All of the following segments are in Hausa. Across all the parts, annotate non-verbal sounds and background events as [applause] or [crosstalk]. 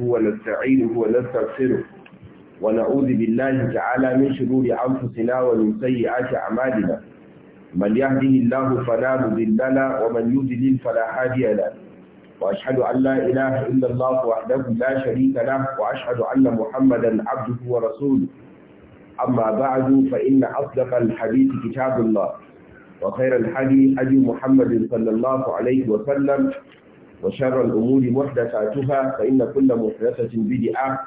ونستعينه ونستغفره ونعوذ بالله تعالى من شرور أنفسنا ومن سيئات أعمالنا من يهده الله فلا مضل له ومن يضلل فلا هادي له وأشهد أن لا إله إلا الله وحده لا شريك له وأشهد أن محمدا عبده ورسوله أما بعد فإن أصدق الحديث كتاب الله وخير الحديث أجي محمد صلى الله عليه وسلم وشر الأمور محدثاتها فإن كل محدثة بدعة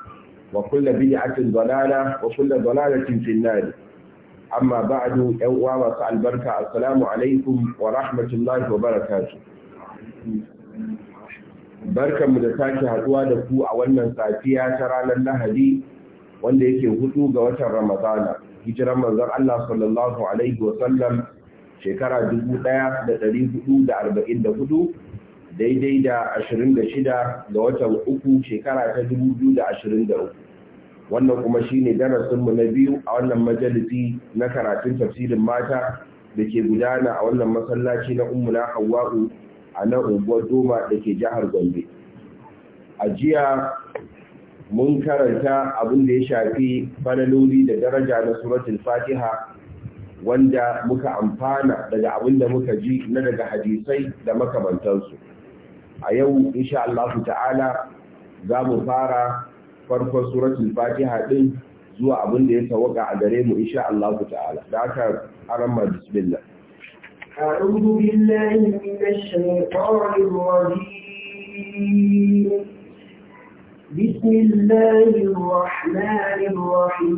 وكل بدعة ضلالة وكل ضلالة في النار أما بعد يوم وسع البركة السلام عليكم ورحمة الله وبركاته بركة مدتاكي هدوا دكو أولنا ساتيا ترانا لهدي wanda yake hudu ga watan Ramadana hijiran manzon Allah sallallahu alaihi wa sallam shekara 1444 daidai da 26 ga watan uku shekara ta 2023 wannan kuma shine darasinmu na biyu a wannan majalisi na karatun tafsirin mata da ke gudana a wannan masallaci na ummuna hawa'u a nan unguwar doma da ke jihar gombe a jiya mun karanta abin da ya shafi fanaloli da daraja na suratul fatiha wanda muka amfana daga abin da muka ji na daga hadisai da makamantansu a yau insha Allah ta'ala za mu fara farkon suratul fatiha din zuwa abin da ya tawaka a gare mu insha Allah ta'ala da aka arama bismillah أعوذ بالله من الشيطان الرجيم بسم الله الرحمن الرحيم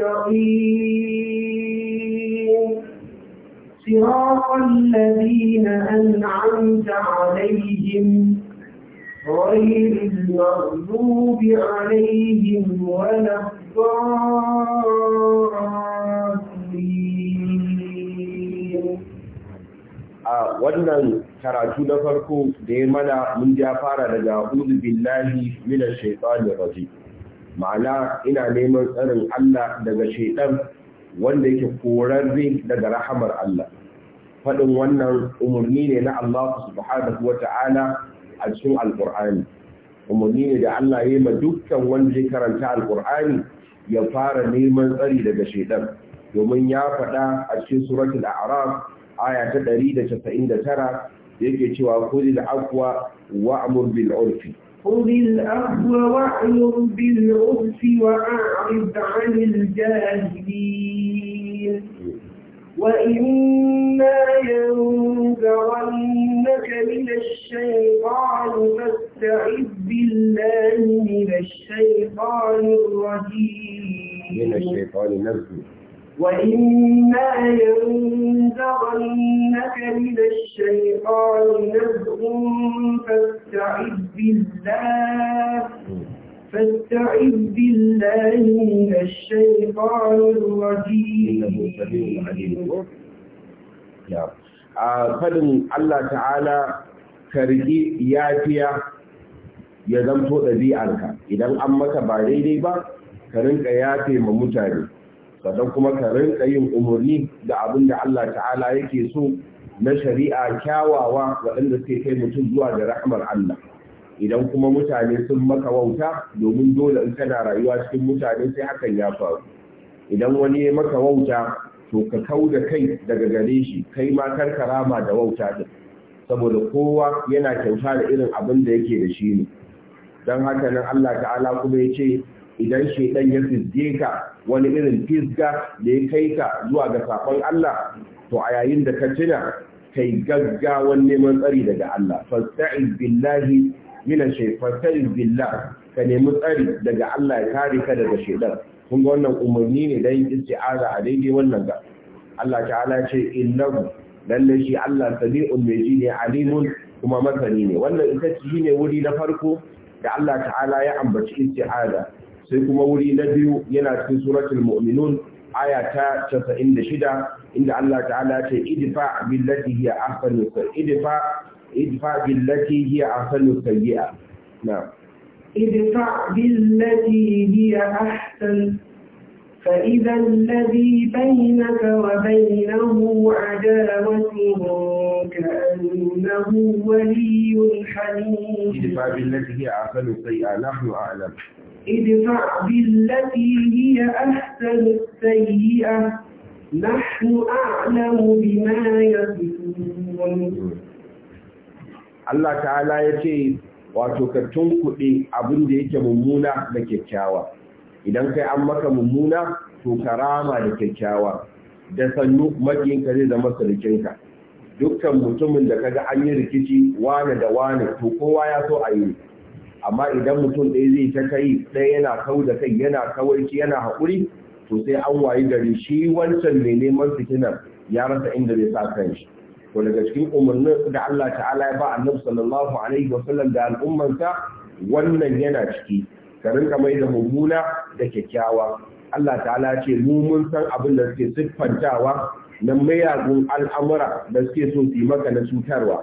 المستقيم صراط الذين أنعمت عليهم غير المغضوب عليهم ولا الضالين a wannan karatu na farko da ya mana mun ja fara daga uzu billahi minash shaitanir rajim ma'ana ina neman tsarin Allah daga shaidan wanda yake korarre daga rahamar Allah faɗin wannan umarni ne na Allah subhanahu wa ta'ala a cikin alƙur'ani umarni ne da Allah ya yi ma dukkan wanda ya karanta alƙur'ani ya fara neman tsari daga shaidan domin ya faɗa a cikin suratul a'raf aya ta 199 yake cewa kulil afwa wa'mur bil urfi خذ الأهو واعمر بالعرف وأعرض عن الجاهلين وإما ينزغنك من الشيطان فاستعذ بالله من الشيطان الرجيم من الشيطان نزغ وإما ينزغنك من الشيطان نزغ فاستعذ بالله فاستعذ بالله من الشيطان الرجيم نعم فدن الله تعالى karki yafiya ya zamto ɗabi'arka idan an maka ba daidai ba ka rinka yafe ma mutane sannan kuma ka rinka yin umarni da abin da Allah ta'ala yake so na shari'a kyawawa waɗanda suke kai mutum zuwa da rahmar Allah idan kuma mutane sun maka wauta domin dole in kana rayuwa cikin mutane sai hakan ya faru idan wani ya maka wauta to ka kau da kai daga gare shi kai ma kar karama da wauta din saboda kowa yana kyauta da irin abin da yake da shi ne don haka nan Allah ta'ala kuma ya ce idan shaidan ya fizge ka wani irin fizga da ya kai ka zuwa ga sakon Allah to a yayin da ka tuna kai gaggawan neman tsari daga Allah fasta'iz billahi min ash billah ka nemi tsari daga Allah ya kare ka daga shaidan kun ga wannan umarni ne dan isti'aza a daidai wannan ga Allah ta'ala ce innahu lalle shi Allah sami'un meji ne alimun kuma masani ne wannan ita ce shine wuri na farko da Allah ta'ala ya ambaci isti'aza sai kuma wuri na biyu yana cikin suratul mu'minun aya ta 96 inda Allah ta'ala ya ce idfa billati hiya ahsanu idfa idfa billati hiya ahsanu sayyi'a na'am idfa billati hiya ahsan فإذا الذي بينك وبينه عداوة كأنه ولي حميم. إذ بالتي هي أعقل السيئة نحن أعلم. ادفع بالتي هي أحسن السيئة نحن أعلم بما يصفون الله تعالى ce: wato ka tunkuɗe abin da yake mummuna da kyakkyawa idan kai an maka mummuna to karama da kyakkyawa da sannu makiyinka zai zama surukinka dukkan mutumin da kaga an yi rikici wane da wane to kowa ya so a yi amma idan mutum ɗaya zai ta kai ɗaya yana kau da kai yana kawaici yana haƙuri to sai an wayi gari shi wancan mai neman fitinar ya rasa inda zai sa kan shi to daga cikin umarnin da Allah ta'ala ya ba annabi sallallahu alaihi wasallam da al'ummansa wannan yana ciki ka rinka mai da mummuna da kyakkyawa Allah ta'ala ce mu mun san abin da suke siffantawa na mayagun al'amura da suke so su yi maka na cutarwa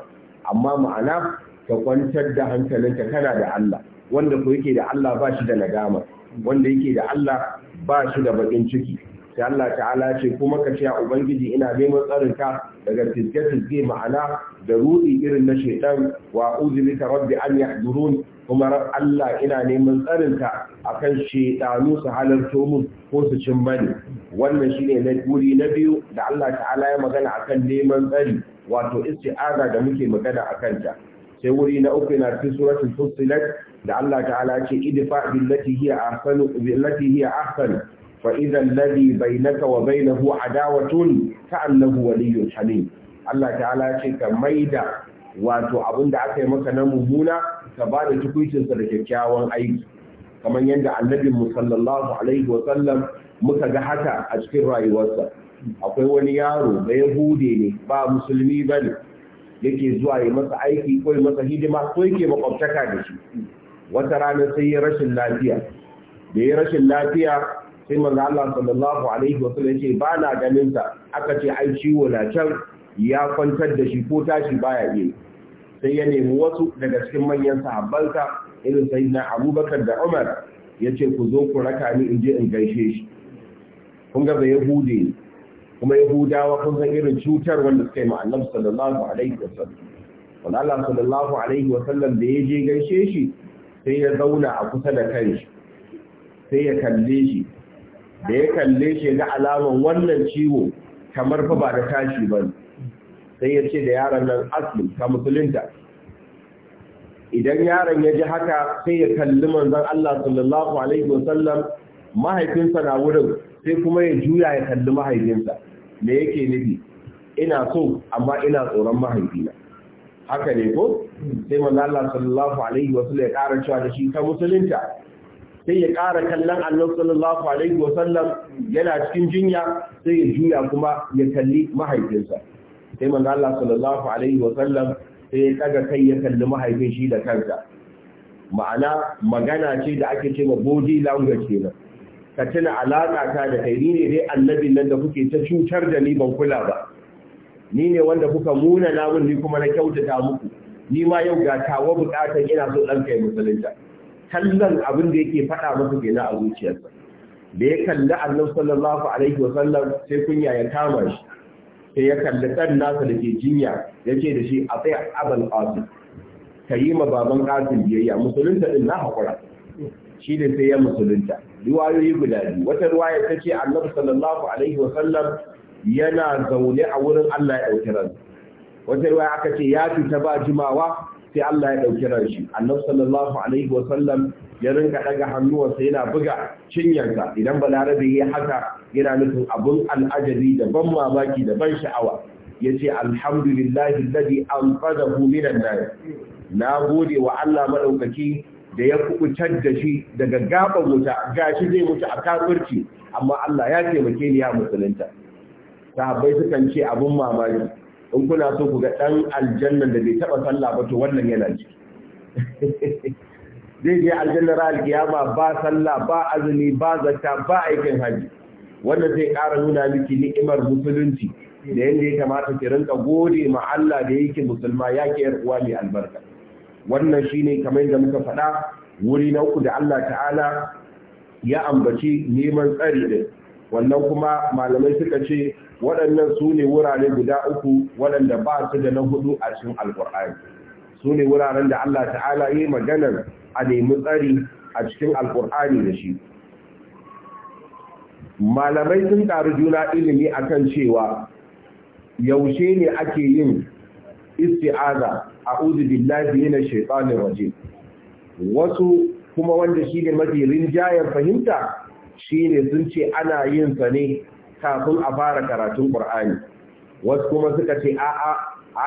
amma ma'ana ka kwantar da hankalinka kana da Allah wanda ko yake da Allah ba shi da nadama wanda yake da Allah ba shi da bakin ciki sai Allah ta'ala ce kuma ka ce ubangiji ina neman tsarinka daga tizge-tizge ma'ana da ruɗi irin na shaitan wa ta rabbi an yahdurun kuma Allah ina neman tsarinka akan shaitanu su halarto mun ko su cin mani wannan shine na guri na biyu da Allah ta'ala ya magana akan neman tsari wato isti'aza da muke magana akan ta sai wuri na uku yana cikin suratul fussilat da Allah ta'ala ce idfa billati hiya ahsanu billati hiya ahsan fa idha alladhi bainaka wa bainahu adawatun ka'annahu waliyyun hamim Allah ta'ala ce ka maida wato abinda aka yi maka na mummuna ka ba da tukuicin sa da kyakkyawan aiki kamar yadda annabin mu sallallahu alaihi wa sallam muka ga haka a cikin rayuwarsa akwai wani yaro da yahude ne ba musulmi bane yake zuwa ya masa aiki ko ya masa hidima ko yake makwabtaka da shi wata ranar sai ya rashin lafiya da ya rashin lafiya sai manzo Allah sallallahu alaihi wa sallam yace ba na ganin sa aka ce ai ciwo na can ya kwantar da shi ko tashi baya yi sai ya nemi wasu daga cikin manyan sahabbansa irin sayyidina Abubakar da Umar yace ku zo ku raka ni in je in gaishe shi kun ga bai hude kuma yahudawa kun san irin cutar wanda suka yi ma'anar sallallahu alaihi sallam wanda Allah sallallahu alaihi wa sallam" da ya je gaishe shi sai ya zauna a kusa da kai sai ya kalle shi da ya kalle shi ga alaman wannan ciwo kamar fa ba da tashi ba sai ya ce da yaron nan asli ka musulunta idan yaron ya ji haka sai ya kalli manzon Allah sallallahu alaihi wa sallam" mahaifinsa na wurin sai kuma ya juya ya kalli mahaifinsa me yake nufi ina so amma ina tsoron mahaifina haka ne ko sai manzo Allah sallallahu alaihi wa sallam ya ƙara cewa da shi ka musulunta sai ya ƙara kallon Allah sallallahu alaihi wa sallam yana cikin jinya sai ya juya kuma ya kalli mahaifinsa sai manzo Allah sallallahu alaihi wa sallam sai ya daga kai ya kalli mahaifin shi da kansa ma'ana magana ce da ake cewa body language kenan ka tuna alaƙa ta da kai ni ne dai annabi nan da kuke ta cutar da ni ban kula ba ni ne wanda kuka muna namun ni kuma na kyautata muku ni ma yau ga tawa bukatar ina so ɗan kai musulunta kallon abin da yake faɗa ke kenan a zuciyarsa da ya kalli annabi sallallahu alaihi wa sallam sai kunya ya kama shi sai ya kalli ɗan nasa da ke jinya ya ce da shi a tsaya abal qasim ka yi ma baban qasim biyayya musulunta ɗin na haƙura shi ne sai ya musulunta riwayoyi guda biyu wata riwaya ta ce annabi sallallahu alaihi wa sallam yana zaune a wurin Allah ya dauki ran wata riwaya aka ce ya fita ba jimawa sai Allah ya dauki ran shi annabi sallallahu alaihi wa sallam ya rinka daga hannuwansa yana buga cinyarsa idan balarabe ya haka yana nufin abun al'ajabi da ban mamaki da ban sha'awa ce alhamdulillahi ladi anqadahu minan nar na gode wa Allah madaukaki da ya kubutar da shi daga gaban wuta gashi zai wuta a kafirci amma Allah ya taimake ni ya musulunta sahabbai sukan ce abun mamaki in kuna so ku ga dan aljanna da bai taba sallah ba to wannan yana ci [laughs] zai je aljanna ra alkiyama ba sallah ba azumi ba zakka ba aikin haji wannan zai ƙara nuna miki ni'imar musulunci da yanda ya kamata ki rinka gode ma Allah da yake musulma yake yar uwa mai albarka wannan shi ne kamar yadda muka faɗa wuri na uku da Allah ta'ala ya ambaci neman tsari ne, wannan kuma malamai suka ce waɗannan su ne wurare guda uku waɗanda ba su da na hudu a cikin alkur'ani su ne wuraren da Allah ta'ala yi maganar a nemi tsari a cikin alkur'ani da shi malamai sun taru juna ilimi akan cewa yaushe ne ake yin isti'aza a'udhu billahi minash shaitanir rajim wasu kuma wanda shine mafi rinjayar fahimta shine sun ce ana yin sa ne kafin a fara karatun Qur'ani wasu kuma suka ce a'a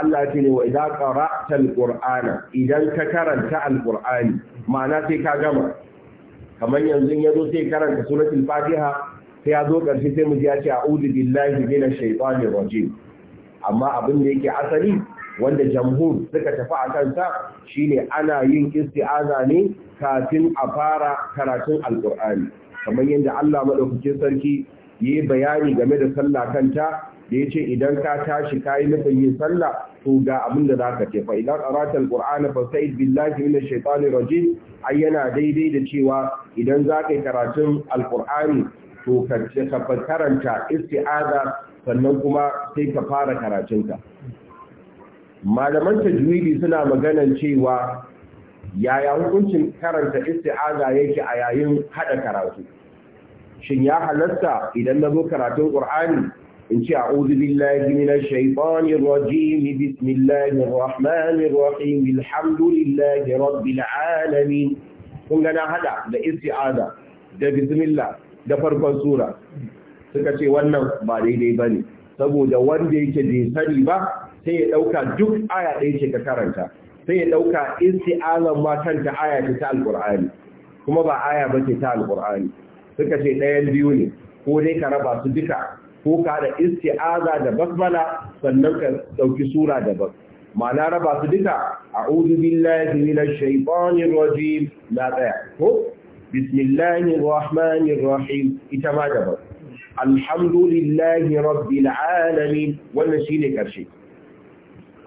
Allah ce ne wa idan qara'ta al-Qur'ana idan ka karanta al-Qur'ani ma'ana sai ka gama kamar yanzu ya zo sai karanta suratul Fatiha sai ya zo karshe sai mu ji ya ce a'udhu billahi minash shaitanir rajim amma abin da yake asali wanda jamhur suka tafi a kansa shine ana yin isti'aza ne kafin a fara karatun alkur'ani kamar yadda Allah maɗaukacin sarki ya yi bayani game da sallah kanta da ya ce idan ka tashi ka yi nufin yin sallah to ga abin da zaka ce fa idan qara'ta alqur'ana fasta'id billahi minash shaitanir rajim ai yana daidai da cewa idan za ka yi karatun alkur'ani to ka karanta isti'aza sannan kuma sai ka fara karatunka malaman tajwidi suna maganan cewa yaya hukuncin karanta isti'aza yake a yayin hada karatu shin ya halatta idan na zo karatun qur'ani in ce a'udhu billahi minash shaytanir rajim bismillahir rahmanir rahim alhamdulillahi rabbil alamin kun ga na hada da isti'aza da bismillah da farkon sura suka ce wannan ba daidai bane saboda wanda yake bai sani ba sai ya ɗauka duk aya da yake ka karanta sai ya ɗauka isti'azan ma kanta aya ta alƙur'ani kuma ba aya ba ce ta alƙur'ani suka ce ɗayan biyu ne ko dai ka raba su duka ko ka da isti'aza da basmala sannan ka ɗauki sura daban ma'ana raba su duka a'udhu billahi minash shaitanir rajim na tsaya ko bismillahir rahmanir rahim ita ma daban alhamdulillahi rabbil alamin wannan shine karshe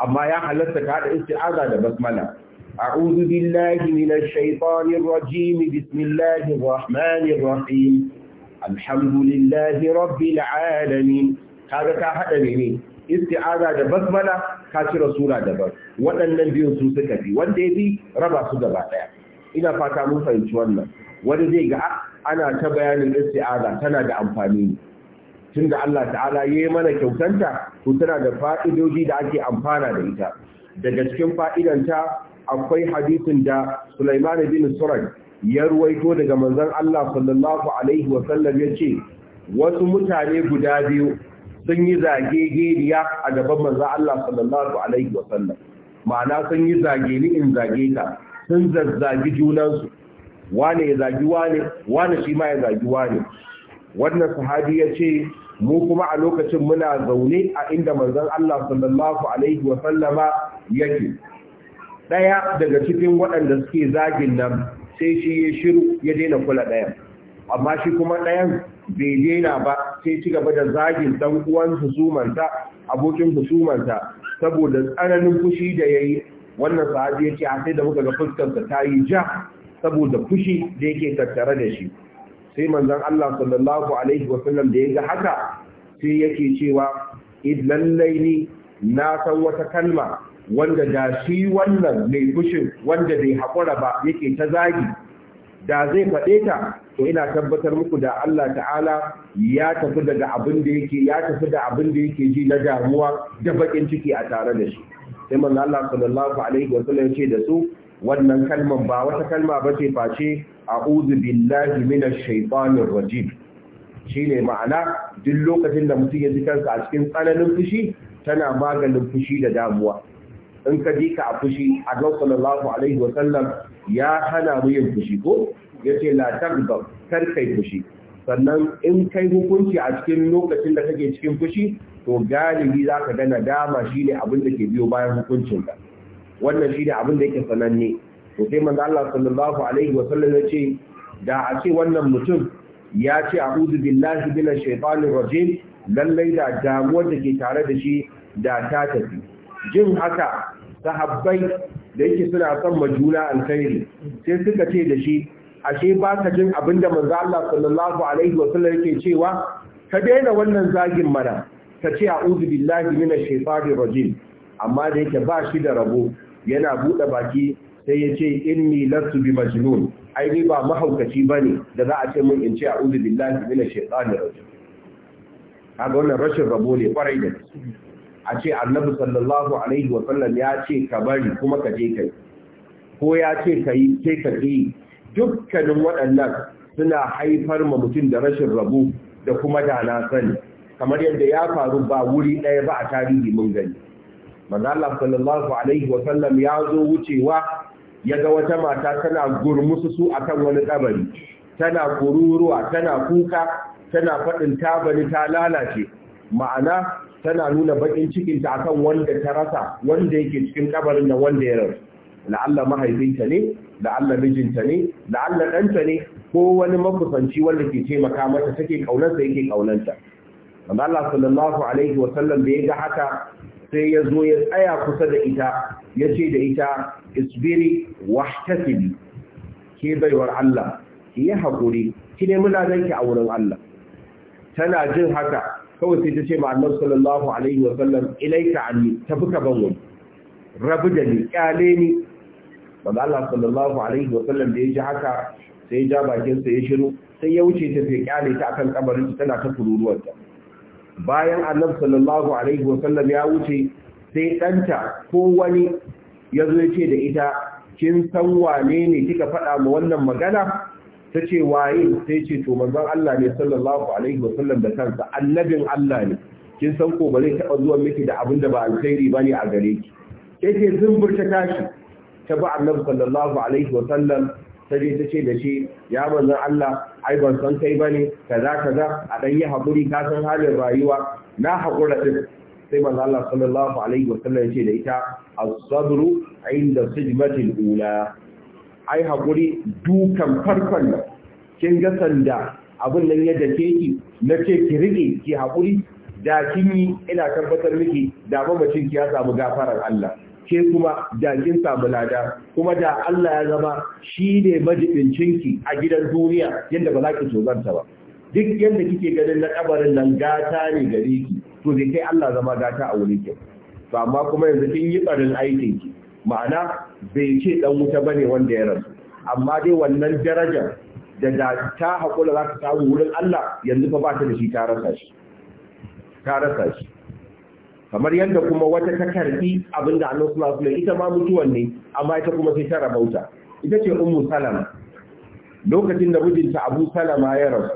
amma ya halatta ka da isti'aza da basmala a'udhu billahi minash shaitanir rajim bismillahir rahmanir rahim alhamdulillahi rabbil alamin kaga ka hada ne isti'aza da basmala ka cire sura daban waɗannan biyun su suka fi wanda ya bi raba su gaba ɗaya ina fata mun fahimci wannan wani zai ga ah, ana ta bayanin isti'aza tana da amfani tunda Allah ta'ala ya yayi mana kyautanta ko tana da fa'idodi da ake amfana da ita daga cikin fa'idanta akwai hadisin da Sulaiman bin Suraj ya ruwaito daga manzon Allah sallallahu alaihi wa sallam yace wasu mutane guda biyu sun yi zage gidiya a gaban manzon Allah sallallahu alaihi wa sallam ma'ana sun yi zage ni in zage ka sun zazzagi junansu wane ya zagi wane wane shi ma ya zagi wane wannan sahabi ya ce mu kuma a lokacin muna zaune a inda manzon Allah sallallahu alaihi wa sallama yake Ɗaya daga cikin waɗanda suke zagin nan sai shi ya shiru ya daina kula ɗaya, amma shi kuma ɗayan bai daina ba sai ci gaba da zagin ɗan uwan husumanta abokin husumanta saboda tsananin fushi da yayi wannan sahabi ya ce a sai da muka ga fuskarsa ta yi ja saboda fushi da yake tattare da shi sai manzon Allah sallallahu alaihi wasallam da ga haka sai yake cewa id lallai na san wata kalma wanda da shi wannan mai fushin wanda bai haƙura ba yake ta zagi da zai faɗe ta to ina tabbatar muku da Allah ta'ala ya tafi daga abin da yake ya tafi da abin da yake ji na damuwa da bakin ciki a tare da shi sai manzo Allah sallallahu alaihi wasallam ya ce da su wannan kalmar ba wata kalma ba ce face a'udhu billahi minash shaitanir rajim shine ma'ana duk lokacin da mutum ya ji kansa a cikin tsananin fushi tana maganin fushi da damuwa in ka ji ka a fushi a ga sallallahu alaihi wa sallam ya hana mu yin fushi ko yace la tagba kar kai fushi sannan in kai hukunci a cikin lokacin da kake cikin fushi to galibi za ka ga nadama shine abin da ke biyo bayan hukuncinka wannan shi ne abin da yake sananne to sai manzo Allah sallallahu alaihi wa sallam ce da a ce wannan mutum ya ce a'udhu billahi minash shaitanir rajim lallai da damuwar da ke tare da shi da ta tafi jin haka sahabbai da yake suna son majuna alkhairi sai suka ce da shi ashe ba ka jin abinda manzo Allah sallallahu alaihi wa sallam yake cewa ka daina wannan zagin mana ka ce a'udhu billahi minash shaitanir rajim amma da yake ba shi da rabo yana buɗe baki sai ya ce inni lastu bi majnun ai ni ba mahaukaci bane da za a ce mun in ce a'udhu billahi minash shaitani rajim kaga wannan rashin rabo ne kwarai da a ce annabi sallallahu alaihi wa sallam ya ce ka bari kuma ka je kai ko ya ce ka yi ka yi dukkanin waɗannan suna haifar ma mutum da rashin rabo da kuma da na sani kamar yadda ya faru ba wuri ɗaya ba a tarihi mun gani manzala sallallahu alaihi wa sallam ya zo wucewa ya ga wata mata tana gurmusu su akan wani ƙabari tana kururuwa tana kuka tana faɗin tabari ta lalace ma'ana tana nuna baƙin cikinta akan wanda ta rasa wanda yake cikin kabarin da wanda ya rasu la'alla mahaifinta ne la'alla mijinta ne la'alla ɗanta ne ko wani makusanci wanda ke taimaka mata take ƙaunarsa yake ƙaunarta Allah sallallahu alaihi wa sallam da ya ga haka sai ya zo ya tsaya kusa da ita ya ce da ita isbiri wahtasibi ke baiwar Allah ki yi haƙuri ki nemi ladanki a wurin Allah tana jin haka kawai sai ta ce ma Allah sallallahu alaihi wa sallam ilaika anni tafi ka ban wani rabu da ni kyale ni manzo Allah sallallahu alaihi wa sallam da ya ji haka sai ya ja bakinsa ya shiru sai ya wuce ta sai kyale ta akan kabarin tana ta kururuwar bayan annabi sallallahu alaihi wasallam ya wuce sai ɗanta ko wani ya zo ce da ita kin san wane ne kika faɗa ma wannan magana ta ce waye sai ce to manzon Allah ne sallallahu alaihi wasallam da kansa annabin Allah ne kin san ko ba zai taɓa zuwa miki da abinda ba alkhairi ba ne a gare ki sai ke zumburta tashi ta ba annabi sallallahu alaihi wasallam sai ta ce da shi ya manzan Allah ai ban san kai bane kaza kaza a dan yi hakuri ka san halin rayuwa na hakura din sai manzon Allah sallallahu alaihi sallam ya ce da ita as-sabru inda sijmatil ula ai hakuri dukan farkon da kin ga sanda abin nan ya dake ki na ce ki rike ki hakuri da kin yi ina tabbatar miki da mamacin ki ya samu gafarar Allah ke kuma da kin samu lada kuma da Allah ya zama shi ne majibincinki a gidan duniya yadda ba za ki tozanta ba duk yadda kike ganin na kabarin nan gata ne gare ki to zai kai Allah zama gata a wuri ki to amma kuma yanzu kin yi tsarin aikin ki ma'ana bai ce dan wuta ne wanda ya rasu amma dai wannan darajar da da ta hakura za ta samu wurin Allah yanzu fa ba ta da shi ta shi ta rasa shi kamar yadda kuma wata ta karbi abin da annabi sallallahu alaihi ita ma mutuwan ne amma ita kuma sai ta rabauta ita ce ummu salama lokacin da mijinta abu salama ya rasu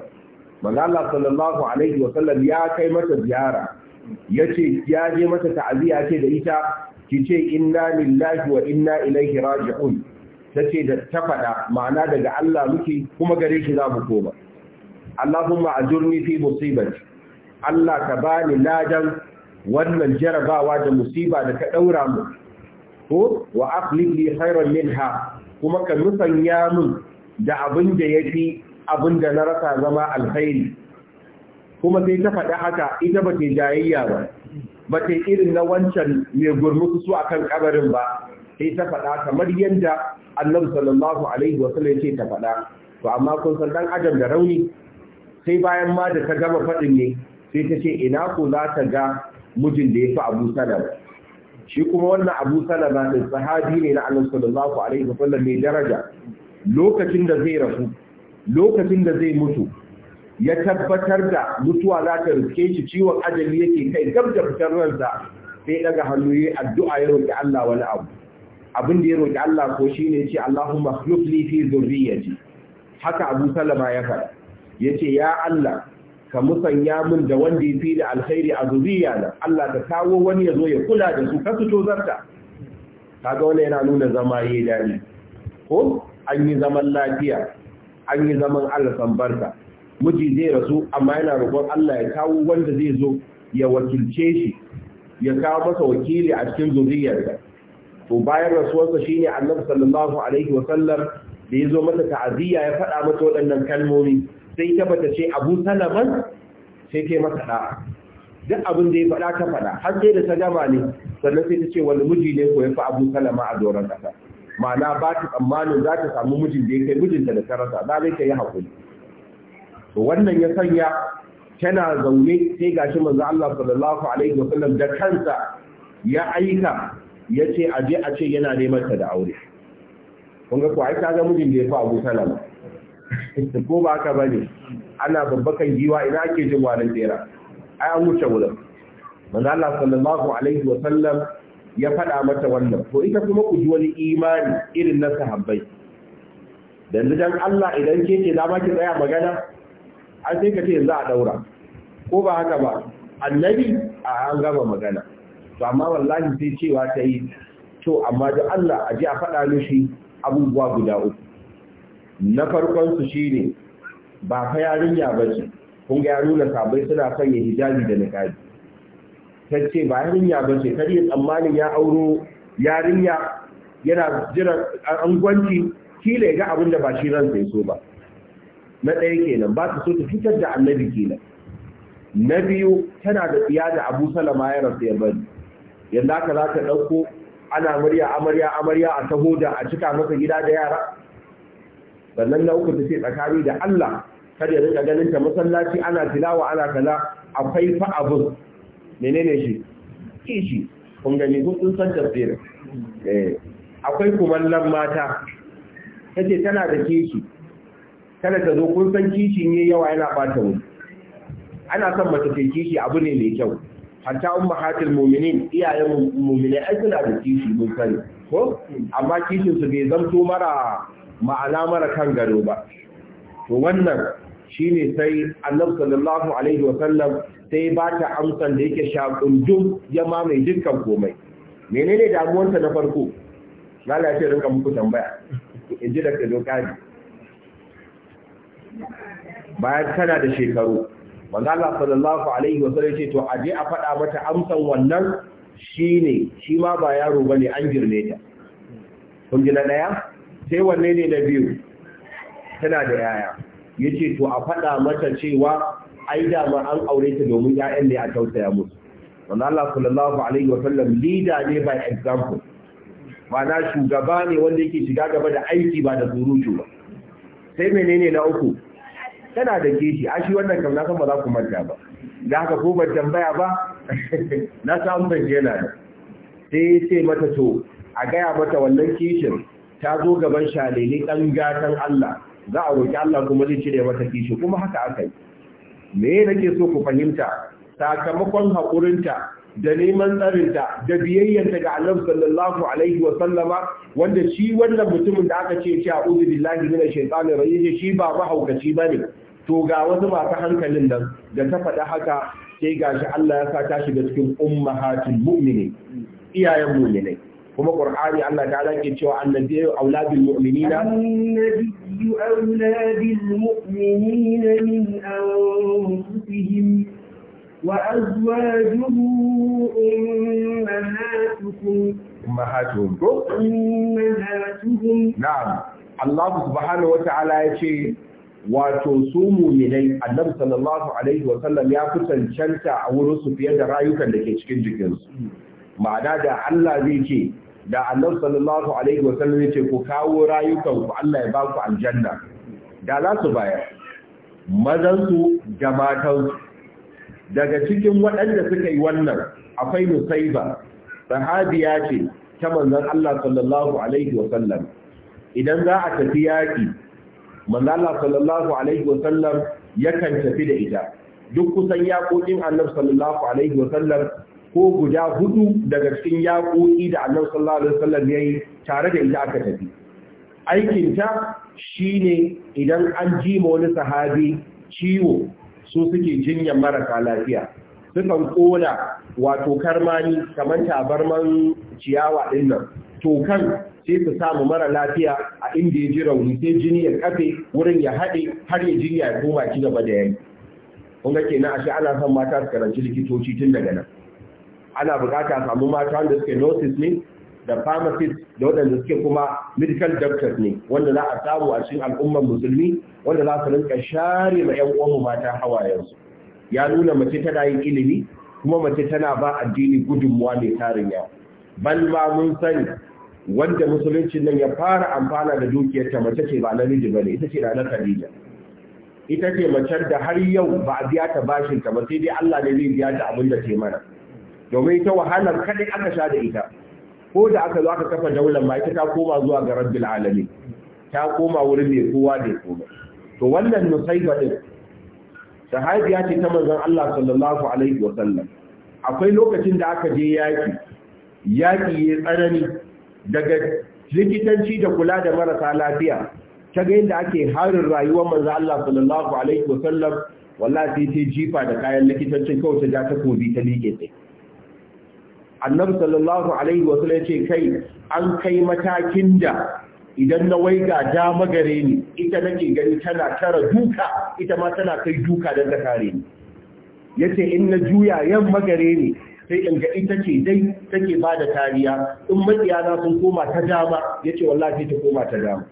manzo Allah sallallahu alaihi wa sallam ya kai mata ziyara yace ya je mata ta'aziyace ce da ita ki ce inna lillahi wa inna ilaihi raji'un tace da ta fada ma'ana daga Allah muke kuma gare shi za mu koma Allahumma ajurni fi musibati Allah ka bani ladan wannan jarabawa da musiba da ta daura mu ko wa aqlib li khairan minha kuma ka musanya mun da abin da yafi abin da na rasa zama alkhairi kuma sai ta faɗa haka ita ba ta jayayya ba ba ta irin na wancan mai gurmusu su akan kabarin ba sai ta faɗa kamar yadda Allah sallallahu alaihi wa sallam yake ta faɗa to amma kun san dan adam da rauni sai bayan ma da ta gama faɗin ne sai ta ce ina ku za ta ga mijin da ya fi Abu Salam. shi kuma wannan Abu na din sahabi ne na Annabi sallallahu alaihi wasallam mai daraja lokacin da zai rasu lokacin da zai mutu ya tabbatar da mutuwa za ta riske shi ciwon ajali yake kai gab da fitar sai daga hannu ya addu'a ya roki Allah wani abu abin da ya roki Allah ko shine ya ce Allahumma khlif li fi dhurriyyati haka Abu Salama ya faɗa yace ya Allah ka musanya min da wanda ya fi da alkhairi a zuriya na Allah ka kawo wani ya zo ya kula da su ka su tozarta kaga wannan yana nuna zama yayi dani ko an yi zaman lafiya an yi zaman Allah barka miji zai rasu amma yana roƙon Allah ya kawo wanda zai zo ya wakilce shi ya kawo masa wakili a cikin zuriyarsa to bayan rasuwarsa shine Annabi sallallahu alaihi wasallam da ya zo masa ta'aziyya ya faɗa masa waɗannan kalmomi sai ta bata ce abu salaman sai ta yi masa da'a duk abin da ya faɗa ta faɗa har sai da ta gama ne sannan sai ta ce wani miji ne ko ya fi abu salama a doron ƙasa ma'ana ba ta tsammanin za ta samu mijin da ya kai mijinta da ta rasa za ta yi haƙuri wannan ya sanya tana zaune sai gashi manzo Allah sallallahu alaihi wasallam da kansa ya aika yace aje a ce yana neman ta da aure kun ga ko ai ta ga mijin da ya fi Abu Salama [laughs] ko ba haka bane ana babbakan giwa ina ake jin warin bera ai an wuce wurin manzo Allah sallallahu alaihi wa sallam ya faɗa mata wannan to ita kuma ku ji wani imani irin na sahabbai dan dan Allah idan ke ce dama ki tsaya magana an sai ka ce yanzu a daura ko ba haka ba annabi a an gama magana to amma wallahi sai cewa ta yi to amma da Allah a ji a faɗa mishi abubuwa guda uku na farkon su shine ba fa yarinya bace kun ga nuna sabai suna son ya hijabi da Ta tace ba yarinya bace kar ya tsammanin ya auro yarinya yana jiran an gwanci kila ga abin da ba shi ransa ya so ba na ɗaya kenan ba su so ta fitar da annabi kenan na biyu tana da tsiya da abu salama ya rasu ya bari ka za ta ɗauko ana murya amarya amarya a taho da a cika maka gida da yara sannan na uku ta ce tsakani da Allah kada ya rinka ganin ta masallaci ana tilawa ana kala akwai fa abun menene shi kishi kun gani kun sun san tafsir eh akwai kumallon mata kace tana da kishi kada ta zo kun san kishin ne yawa yana bata mu ana son mace ta kishi abu ne mai kyau hatta ummahatul mu'minin iyayen mu'minai ai suna da kishi mun sani ko amma kishin su bai zamto mara ma'ana mara kan gado ba to wannan ne sai annabi sallallahu alaihi wasallam sai ba ta amsan da yake shakundum ya mamaye dukkan komai menene damuwarta na farko ya ce rinka muku tambaya in ji da ke dokari bayan tana da shekaru manzo Allah sallallahu alaihi wasallam ce to aje a faɗa mata amsan wannan shi ne, shi ma ba yaro ba ne an girme ta kun ji na ɗaya. sai wanne ne na biyu tana da yaya ya ce to a faɗa mata cewa ai dama an aure ta domin ‘ya'yan ne a tausaya musu wanda Allah sallallahu alaihi wa sallam leader ne by example ma'ana shugaba ne wanda yake shiga gaba da aiki ba da surutu ba sai menene na uku tana da kishi a shi wannan kam na san ba za ku manta ba da haka ko ban tambaya ba [laughs] na samun ban jena ne. sai sai mata to a gaya mata wannan kishin ta zo gaban shalini ɗan gatan Allah za a roƙi Allah kuma zai cire mata kishi kuma haka aka yi me nake so ku fahimta sakamakon haƙurinta da neman tsarinta da biyayyanta ga allon sallallahu alaihi wa sallama wanda shi wannan mutumin da aka ce shi a uzu billahi minash shaitanir rajim shi ba mahaukaci bane to ga wasu masu hankalin nan da ta faɗa haka sai gashi Allah ya sa ta shiga cikin ummahatul mu'minin iyayen mu'minai kuma qur'ani Allah ta zake cewa annabi auladul mu'minina annabi auladul mu'minina min anfusihim wa azwajuhu ummahatukum ummahatuhum ummahatuhum na'am Allah subhanahu wa ta'ala yace wato su mu'minai annabi sallallahu alaihi wa sallam ya kusancanta a wurin su fiye da rayukan da ke cikin jikinsu ma'ana da Allah zai ce da Allah sallallahu alaihi wasallam ya ce ku kawo rayukan ku Allah ya ba ku aljanna da za su bayar mazan su da matan daga cikin waɗanda suka yi wannan akwai Nusaiba sahabiya ce ta manzon Allah sallallahu alaihi wasallam idan za a tafi yaki manzon Allah sallallahu alaihi wasallam yakan tafi da ita duk kusan yakokin Annabi sallallahu alaihi wasallam ko guda hudu daga cikin yaƙoƙi da Allah sallallahu alaihi wasallam yayi tare da ita aka tafi aikin ta shine idan an ji ma wani sahabi ciwo su suke jinyar marasa lafiya sukan ƙona wato karmani kamar tabarman ciyawa dinnan, nan tokan sai su samu mara lafiya a inda ya ji rauni sai jini ya kafe wurin ya haɗe har ya jinya ya koma ci gaba da yanki kun ga kenan ashe ana son mata su karanci likitoci tun daga nan ana bukata samu mata wanda suke nurses ne da pharmacist da waɗanda suke kuma medical doctors ne wanda za a samu a cikin al'ummar musulmi wanda za su rinka share ma ƴan uwanmu mata hawayensu ya nuna mace tana yin ilimi kuma mace tana ba addini gudunmuwa mai tarin yawa ban ma mun sani wanda musuluncin nan ya fara amfana da dukiyarta mace ce ba na miji bane ita ce na Khadija ita ce macen da har yau ba a biya ta bashin ta ba sai dai Allah ne zai biya ta abin da ce mana domin ita wahalar kaɗai aka sha da ita ko da aka zo aka kafa daular ma ita ta koma zuwa ga rabbil alami ta koma wurin mai kowa da kowa to wannan nusaiba din sahabiya ce ta manzon Allah sallallahu alaihi wa sallam akwai lokacin da aka je yaki yaki ya tsanani daga likitanci da kula da marasa lafiya ta ga yadda ake harin rayuwar manzon Allah sallallahu alaihi wa sallam wallahi sai ta jifa da kayan likitancin kawai ta ja takobi ta liƙe tsaye annabi sallallahu alaihi wasallam ya kai an kai matakin da idan na waiga dama gare ni ita nake gani tana tara duka ita ma tana kai duka dan ta kare ni ya in na juya 'yan magare ni sai in ga ita ce dai take bada da kariya in na sun koma ta dama ya ce wallahi ta koma ta dama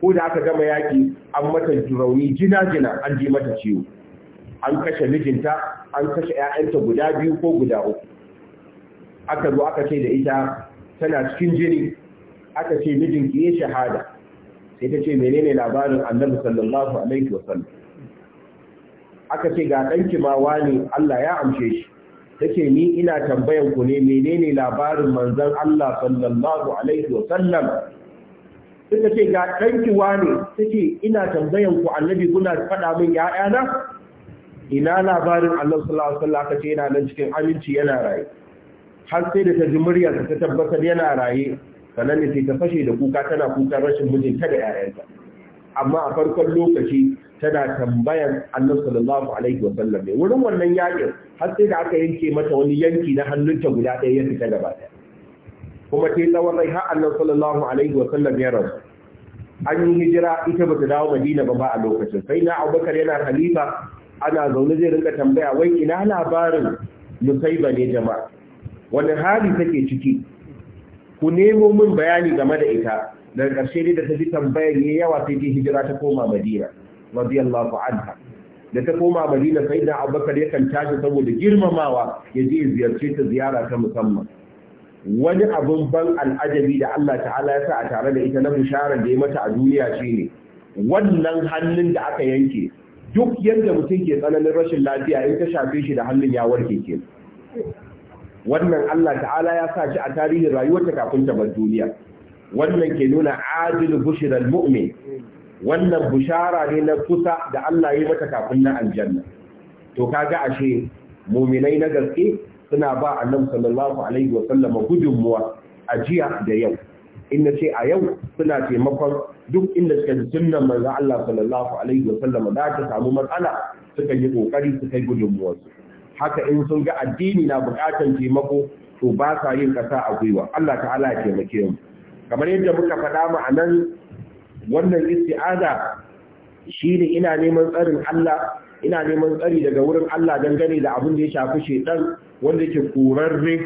ko da aka gama yaki an mata rauni jina-jina an ji mata ciwo an kashe mijinta an kashe 'ya'yanta guda biyu ko guda uku aka zo aka ce da ita tana cikin jini aka ce mijinki ya shahada sai ta ce menene labarin annabi sallallahu alaihi wasallam aka ce ga danki ma wani Allah ya amshe shi take ni ina tambayan ku ne menene labarin manzon Allah sallallahu alaihi wasallam ta ce ga danki wani take ina tambayan ku annabi kuna faɗa min 'ya'yana? ina labarin Allah sallallahu alaihi wasallam aka ce yana nan cikin aminci yana rayuwa har sai da ta ji muryarsa ta tabbatar yana raye sannan ne sai ta fashe da kuka tana kuka rashin mijinta da 'ya'yanta amma a farkon lokaci tana tambayan annabi sallallahu alaihi wasallam ne wurin wannan yakin har sai da aka yanke mata wani yanki na hannunta guda ɗaya ya fita gaba ɗaya kuma sai tsawon rai har annabi sallallahu alaihi wasallam ya rasu an yi hijira ita bata dawo madina ba ba a lokacin sai na abubakar yana khalifa ana zaune zai rinka tambaya wai ina labarin musaiba ne jama'a wani hali take ciki ku nemo min bayani game da ita daga ƙarshe ne da ta fi tambayar yi yawa sai ta hijira ta koma Madina radiyallahu anha da ta koma Madina sai da Abubakar ya kan tashi saboda girmamawa ya je ziyarce ta ziyara ta musamman wani abun ban al'ajabi da Allah ta'ala ya sa a tare da ita na bisharar da ya mata a duniya shine wannan hannun da aka yanke duk yadda mutum ke tsananin rashin lafiya in ta shafe shi da hannun ya warke ke wannan Allah ta'ala ya sa shi a tarihin rayuwarta kafin ta bar duniya wannan ke nuna adil al mumin wannan bushara ne na kusa da Allah ya mata kafin na aljanna to kaga ashe muminai na gaske suna ba annabi sallallahu alaihi wasallam gudunmuwa a jiya da yau in ce a yau suna taimakon duk inda suka ji sunnan manzo Allah sallallahu alaihi wasallam da ta samu matsala suka yi kokari suka yi gudunmuwa haka in sun ga addini na bukatan taimako to ba sa yin kasa a gwiwa Allah ta'ala ya taimake mu kamar yadda muka faɗa mu a nan wannan isti'aza shine ina neman tsarin Allah ina neman tsari daga wurin Allah dangane da abin da ya shafi shedan wanda ke kurarre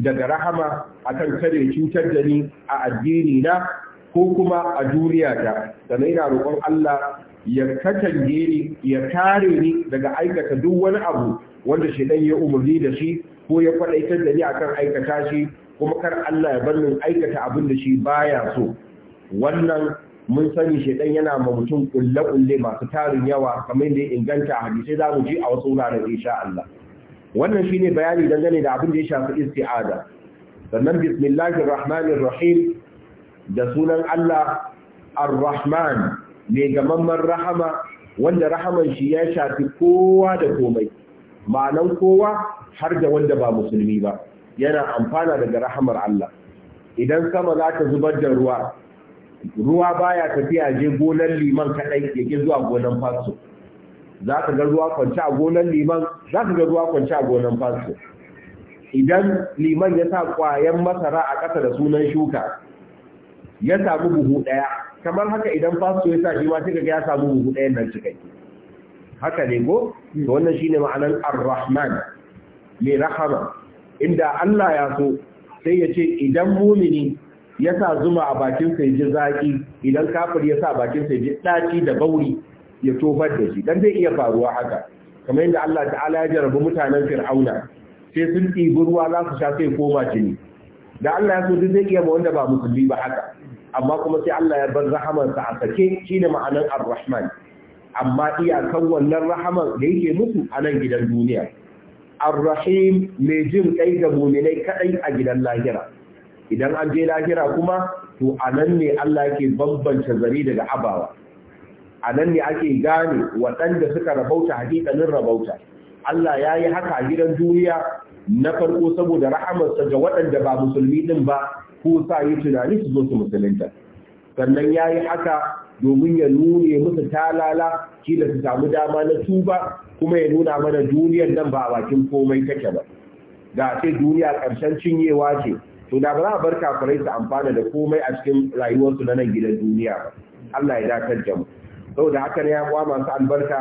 daga rahama akan kare cutar da ni a addini na ko kuma a duniya ta sannan ina roƙon Allah ya katange ni ya kare ni daga aikata duk wani abu wanda shi dan ya umarni da shi ko ya faɗaitar da ni akan aikata shi kuma kar Allah ya bar min aikata abin da shi baya so wannan mun sani dan yana ma mutum kulle kulle masu tarin yawa kamar da inganta hadisai za mu ji a wasu wuraren insha Allah wannan shine bayani dangane da abin da ya shafi isti'ada sannan bismillahir rahmanir rahim da sunan Allah ar-rahman mai gamamman rahama wanda rahaman shi ya shafi kowa da komai ma'anan kowa har da wanda ba musulmi ba yana amfana daga rahamar Allah idan sama za ta zubar da ruwa ruwa baya tafiya je gonan liman kadai yake zuwa gonan fasto za ka ga ruwa kwanci a gonan liman za ka ga ruwa kwanci a gonan fasto idan liman ya sa kwayan masara a ƙasa da sunan shuka ya samu buhu ɗaya kamar haka idan fasto ya sa shi ma sai ga ya samu buhu ɗaya nan cikakke haka ne ko to wannan shine ma'anar ar-rahman mai rahama inda Allah ya so sai ya ce idan mumini ya sa zuma a bakin sai ji zaki idan kafir ya sa bakin sai ji daci da bauri ya tofar da shi dan zai iya faruwa haka kamar yadda Allah ta'ala ya jarabi mutanen fir'auna sai sun ɗibi ruwa za su sha sai koma jini da Allah ya so duk zai iya ba wanda ba musulmi ba haka amma kuma sai Allah ya bar rahamansa a sake shine ma'anar ar-rahman amma iyakan wannan rahaman da yake mutu a nan gidan duniya ar-rahim mai jin kai ga muminai kaɗai a gidan lahira idan an je lahira kuma to a nan ne Allah ke bambanta zari daga abawa a nan ne ake gane waɗanda suka rabauta hakikanin rabauta Allah ya yi haka a gidan duniya na farko saboda rahamarsa ga waɗanda ba musulmi din ba ko sa yi tunani su zo su musulunta sannan ya yi haka domin ya nune musu talala da su samu dama na tuba kuma ya nuna mana duniyar nan ba a bakin komai take ba da sai duniya ƙarshen cinyewa ce to da ba za a bar kafirai su amfana da komai a cikin rayuwarsu na nan gidan duniya Allah ya dakar da mu saboda haka ne ya kwa masu albarka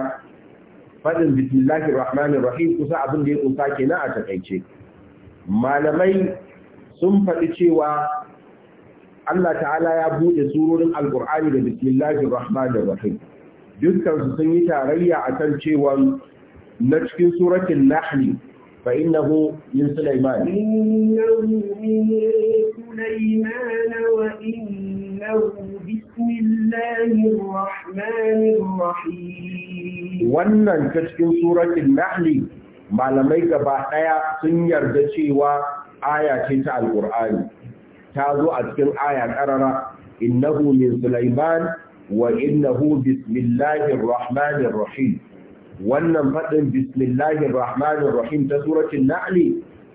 faɗin bismillahir rahmanir rahim kusa abin da ya kusa kenan a takaice malamai sun faɗi cewa Allah ta'ala ya buɗe surorin qurani da "Bismillahi rahmanir rahim dukkan su sun yi tarayya akan cewa na cikin suratul nahl fa innahu min sulaiman innahu min sulaiman wa innahu bismillahir rahmanir rahim wannan ta cikin suratul nahl malamai gaba daya sun yarda cewa aya ce ta alkur'ani ta zo a cikin aya karara innahu min sulaiman wa innahu bismillahir rahmanir rahim wannan fadin bismillahir rahmanir rahim ta suratul nahl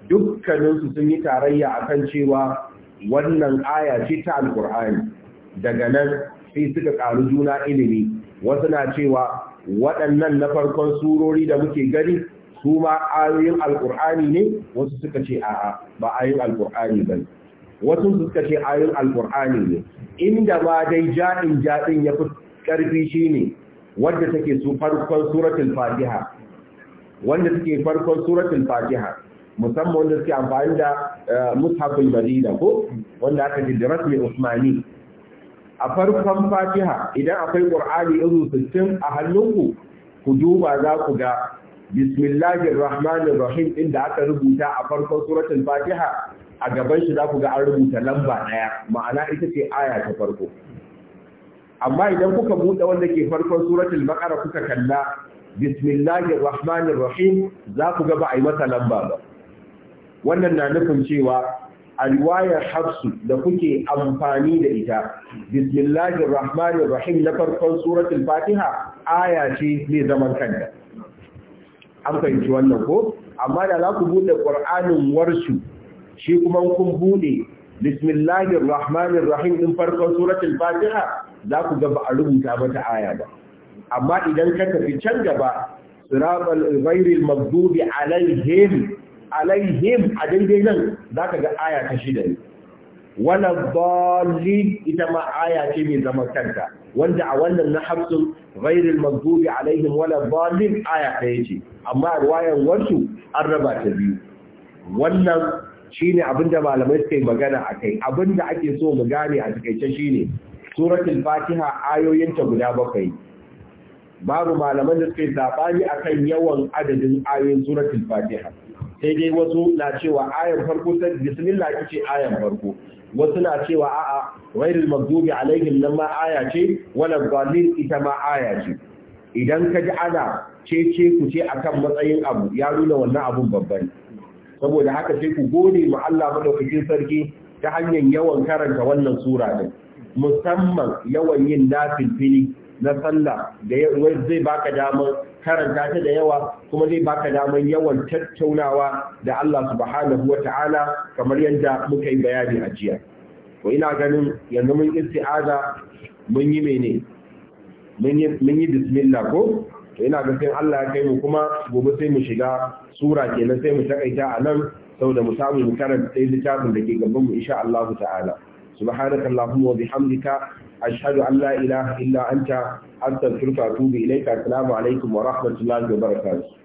dukkanin su sun yi tarayya akan cewa wannan aya ce ta alqur'ani daga nan sai suka karu juna ilimi wasu na cewa waɗannan na farkon surori da muke gani su ma ayoyin Alƙur'ani ne wasu suka ce a'a ba ayoyin alqur'ani ban. wasu suka ce ayoyin alkur'ani ne inda ma dai ja'in ja'in ya fi ƙarfi shi ne wadda take su farkon suratul fatiha wanda suke farkon suratul fatiha musamman wanda suke amfani da eh, mushafin madina ko wanda aka ji da rasmi usmani a farkon fatiha idan akwai qur'ani irin sittin a hannunku ku duba za ku ga bismillahir rahmanir rahim inda aka rubuta a farkon suratul fatiha a gaban shi za ku ga an rubuta lamba ɗaya ma'ana ita ce aya ta farko amma idan kuka buɗe wanda ke farkon suratul baqara kuka kalla bismillahir rahmanir rahim za ku ga ba a yi masa lamba ba wannan na nufin cewa alwayar hafsu da kuke amfani da ita bismillahir rahmanir rahim na farkon suratul fatiha aya ce mai zaman kanta an fahimci wannan ko amma da za ku buɗe ƙur'anin warshu shi kuma kun bude bismillahir rahmanir rahim din farkon suratul fatiha za ku ga ba a rubuta mata aya ba amma idan ka tafi can gaba siratal ghairil maghdubi alaihim alaihim a daidai nan za ka ga aya ta shida ne wala dalil ita ma aya ce mai zama kanta wanda a wannan na hafsun ghairil maghdubi alaihim wala dalil aya ɗaya ce amma riwayar wasu an raba ta biyu wannan Shi shine abinda malamai suka yi magana akai da ake so mu gane a takaice shine suratul fatiha ayoyinta guda bakwai babu malaman da suka yi sabani akan yawan adadin ayoyin suratul fatiha sai dai wasu na cewa ayan farko ta bismillah ce ayan farko wasu na cewa a'a ghairul maghdubi alaihim nan ma aya ce wala dhalil ita ma aya ce idan ka ji ana ce ce ku ce akan matsayin abu ya nuna wannan abun babban saboda haka sai ku gode ma Allah madaukakin sarki ta hanyar yawan karanta wannan sura din musamman yawan yin nafil fili na sallah da zai baka damar karanta ta da yawa kuma zai baka damar yawan tattaunawa da Allah subhanahu wa ta'ala kamar yadda muka yi bayani a jiya. To ina ganin yanzu mun isti'aza mun yi mene? Mun yi bismillah ko? to ina ga sai Allah ya kai mu kuma gobe sai mu shiga sura kenan sai mu takaita a nan saboda mu samu mu karanta littafin da ke gaban mu insha Allah ta'ala subhanaka allahumma wa bihamdika ashhadu an la ilaha illa anta astaghfiruka wa atubu ilayka assalamu alaikum wa rahmatullahi wa barakatuh